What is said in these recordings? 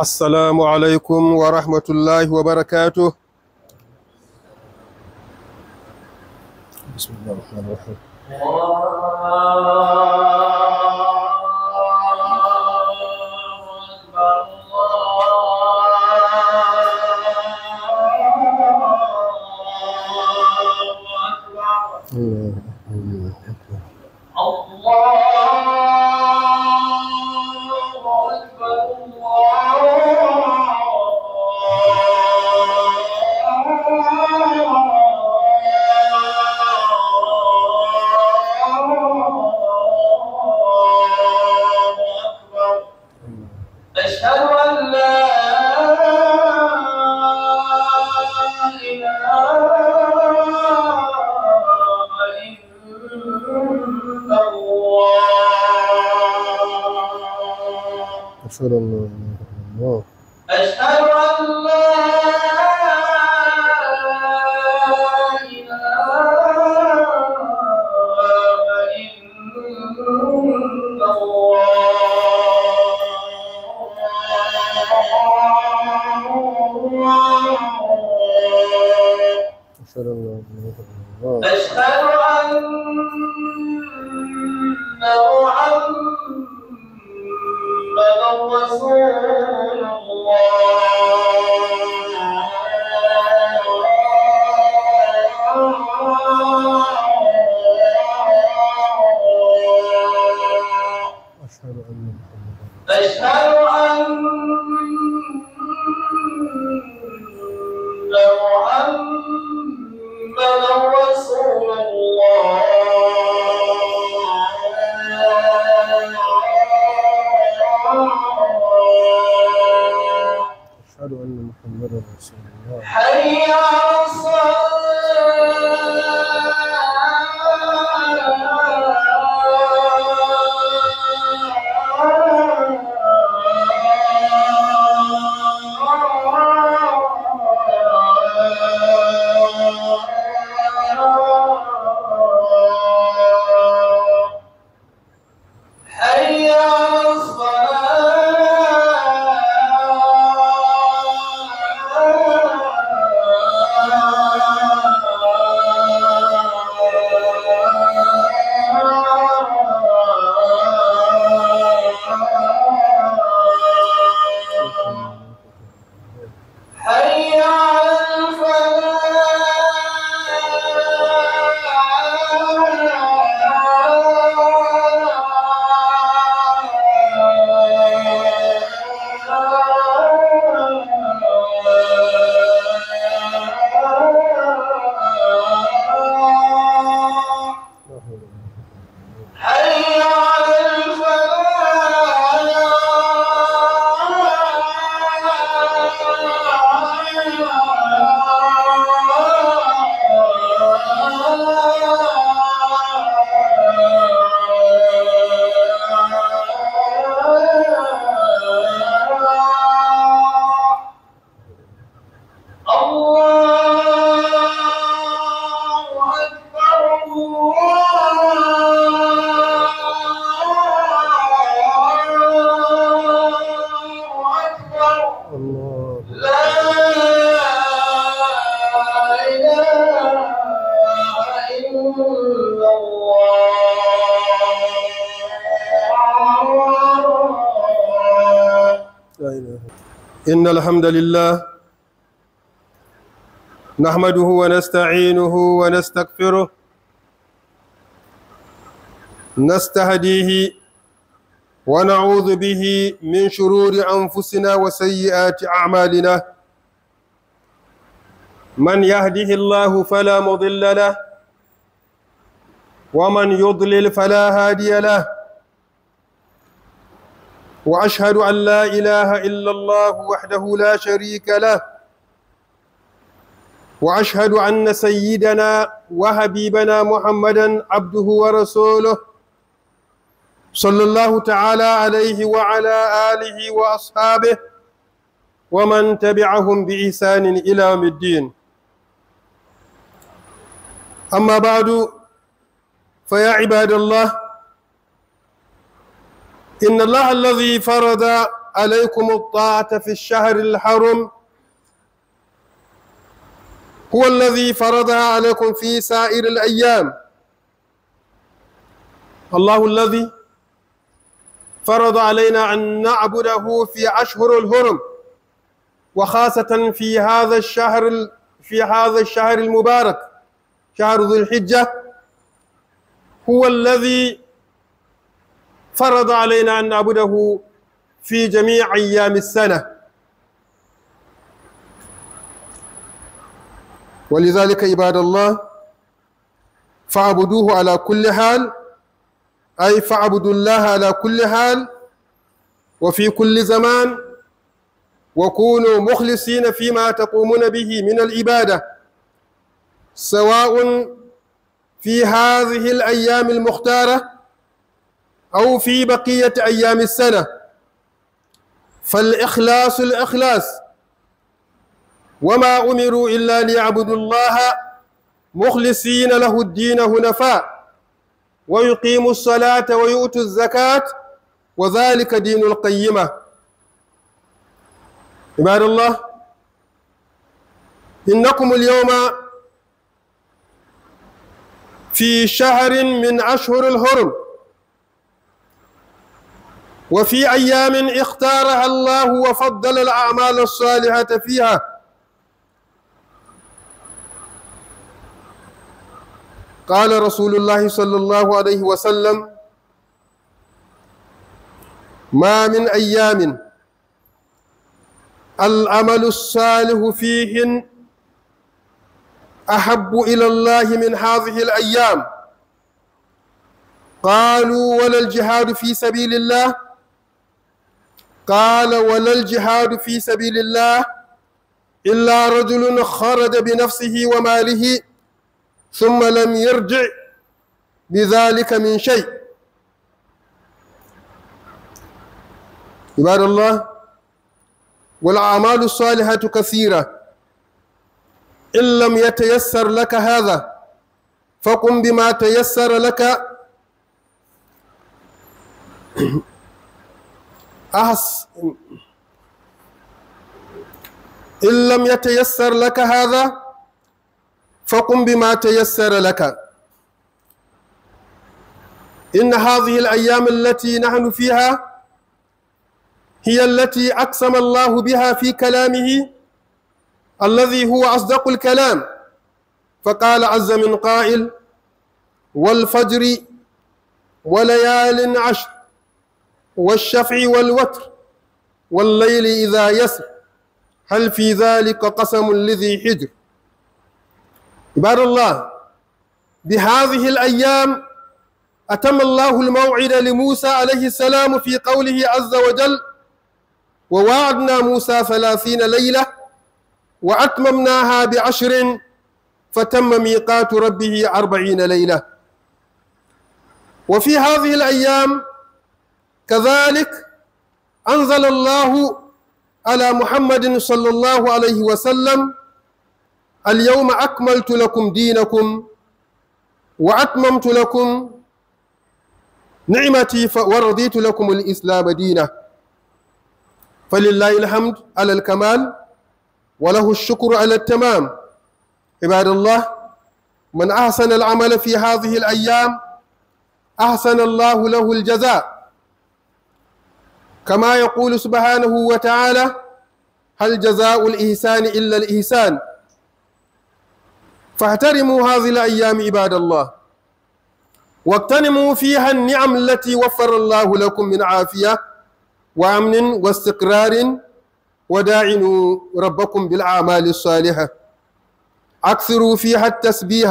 السلام عليكم ورحمة الله وبركاته بسم الله الرحمن الرحيم الله أشهد الله الله أشهد أن لا أشهد أن لا إله إلا الله أشهد فاشهدوا أن محمدا رسول الله أشهد أن محمدا رسول الله إن الحمد لله نحمده ونستعينه ونستغفره نستهديه ونعوذ به من شرور أنفسنا وسيئات أعمالنا من يهده الله فلا مضل له ومن يضلل فلا هادي له واشهد ان لا اله الا الله وحده لا شريك له واشهد ان سيدنا وحبيبنا محمدا عبده ورسوله صلى الله تعالى عليه وعلى اله واصحابه ومن تبعهم باحسان الى يوم الدين أما بعد فيا عباد الله إن الله الذي فرض عليكم الطاعة في الشهر الحرم هو الذي فرضها عليكم في سائر الأيام الله الذي فرض علينا أن نعبده في أشهر الهرم وخاصة في هذا الشهر في هذا الشهر المبارك شهر ذي الحجة هو الذي فرض علينا أن نعبده في جميع أيام السنة ولذلك عباد الله فاعبدوه على كل حال أي فاعبدوا الله على كل حال وفي كل زمان وكونوا مخلصين فيما تقومون به من العباده سواء في هذه الأيام المختارة أو في بقية أيام السنة فالإخلاص الإخلاص وما أمروا إلا ليعبدوا الله مخلصين له الدين هنفاء ويقيموا الصلاة ويؤتوا الزكاة وذلك دين القيمة عباد الله إنكم اليوم في شهر من أشهر الهرم وفي أيام اختارها الله وفضل الأعمال الصالحة فيها قال رسول الله صلى الله عليه وسلم ما من أيام العمل الصالح فيهن احب الى الله من هذه الايام قالوا ولا الجهاد في سبيل الله قال ولا الجهاد في سبيل الله الا رجل خرج بنفسه وماله ثم لم يرجع بذلك من شيء عباد الله والاعمال الصالحه كثيره إن لم يتيسر لك هذا فقم بما تيسر لك أحس إن لم يتيسر لك هذا فقم بما تيسر لك إن هذه الأيام التي نحن فيها هي التي أقسم الله بها في كلامه الذي هو أصدق الكلام فقال عز من قائل والفجر وليال عشر والشفع والوتر والليل إذا يسر هل في ذلك قسم لذي حجر عباد الله بهذه الأيام أتم الله الموعد لموسى عليه السلام في قوله عز وجل ووعدنا موسى ثلاثين ليلة وأتممناها بعشر فتم ميقات ربه أربعين ليلة وفي هذه الأيام كذلك أنزل الله على محمد صلى الله عليه وسلم اليوم أكملت لكم دينكم وأتممت لكم نعمتي ورضيت لكم الإسلام دينا فلله الحمد على الكمال وله الشكر على التمام عباد الله من أحسن العمل في هذه الأيام أحسن الله له الجزاء كما يقول سبحانه وتعالى هل جزاء الإحسان إلا الإحسان فاحترموا هذه الأيام عباد الله واغتنموا فيها النعم التي وفر الله لكم من عافية وأمن واستقرار وداعنوا ربكم بالأعمال الصالحة أكثروا فيها التسبيح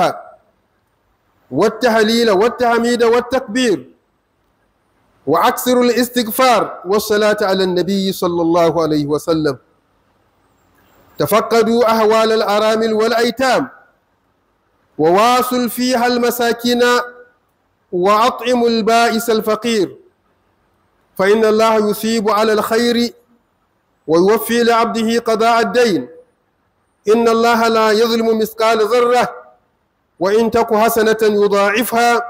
والتهليل والتحميد والتكبير وأكثروا الاستغفار والصلاة على النبي صلى الله عليه وسلم تفقدوا أهوال الأرامل والأيتام وواصل فيها المساكين وأطعموا البائس الفقير فإن الله يثيب على الخير ويوفي لعبده قضاء الدين إن الله لا يظلم مثقال ذرة وإن تك حسنة يضاعفها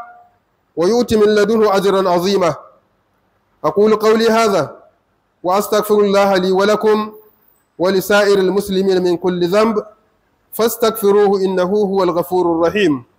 ويؤتي من لدنه أجرا عظيما أقول قولي هذا وأستغفر الله لي ولكم ولسائر المسلمين من كل ذنب فاستغفروه إنه هو الغفور الرحيم